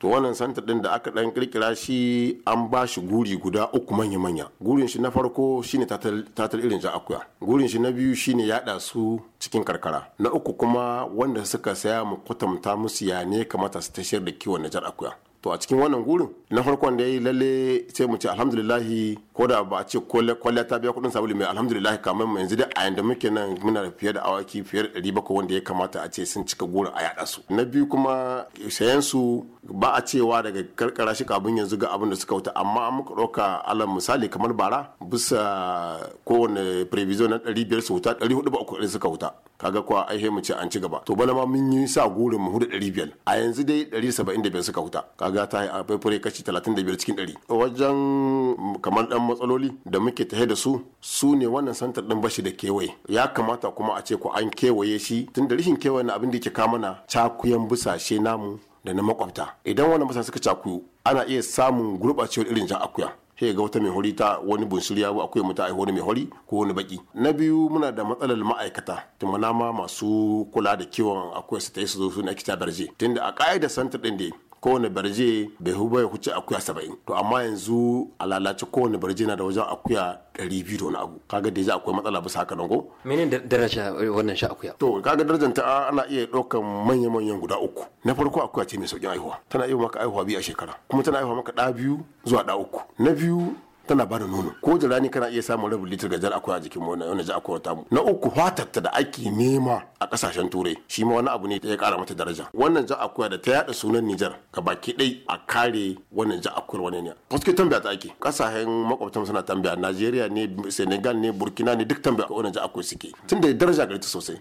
to wannan santar din da aka dan kirkira shi an ba shi guri guda uku manya-manya gurin shi na farko shine tatal irin ja akuya gurin shi na biyu shine yada su cikin karkara na uku kuma wanda suka saya mu kwatanta musu ya ne kamata su tashar da kiwon na jar akuya to a cikin wannan gurin na farkon da yayi yi lalle sai mu ce alhamdulillahi ko da ba a ce kwalliya ta biya kudin sabulu mai alhamdulillah kamar mai yanzu da a yanda muke nan muna fiye da awaki fiye da ɗari bakwai wanda ya kamata a ce sun cika gurin a yaɗa su na biyu kuma sayan su ba a cewa daga karkara shi kabin yanzu ga abin da suka wuta amma an muka ɗauka alal misali kamar bara bisa kowane prevision na ɗari biyar su wuta ɗari hudu ba uku suka wuta kaga kuwa ai mu ce an ci gaba to bala ma mun yi sa gurin mu hudu ɗari biyar a yanzu dai ɗari saba'in da biyar suka wuta kaga ta yi a faifure kashi talatin da biyar cikin ɗari wajen kamar ɗan matsaloli da muke tahe da su su ne wannan santar din bashi da kewaye ya kamata kuma a ce ko an kewaye shi tun da rashin kewaye na abin da yake na cakuyan busashe namu da na makwabta idan wannan busa suka cakuyu ana iya samun gurɓacewar irin jan akuya sai ga wata mai hori ta wani bunsuri ya bu mu ta wani mai hori ko wani baki na biyu muna da matsalar ma'aikata tumana ma masu kula da kiwon akuya su ta yi su zo su na kita darje tunda a ka'ida santar din da kowane barje bai hu bai huce akuya saba'in to amma yanzu a lalace kowane barje na da wajen akuya ɗari biyu da wani abu kaga da akwai matsala bisa haka nan ko. mene daraja wannan sha akuya. to kaga darajar ta ana iya ɗaukan manya-manyan guda uku na farko akuya ce mai sauƙin aihuwa tana iya maka aihuwa biyu a shekara kuma tana aihuwa maka ɗa biyu zuwa ɗa uku na biyu tana bada nono ko da rani kana iya samun rabin litir gajar akwai a jikin wani wani ji akwai tamu na uku fatarta da ake nema a kasashen turai shi ma wani abu ne ya kara mata daraja wannan ja akwai da ta yada sunan Nijar ga baki dai a kare wannan ja akwai wani ne suke tambaya ta ake kasashen makwabtan suna tambaya Najeriya ne Senegal ne Burkina ne duk tambaya wannan ja akwai suke tunda daraja gare ta sosai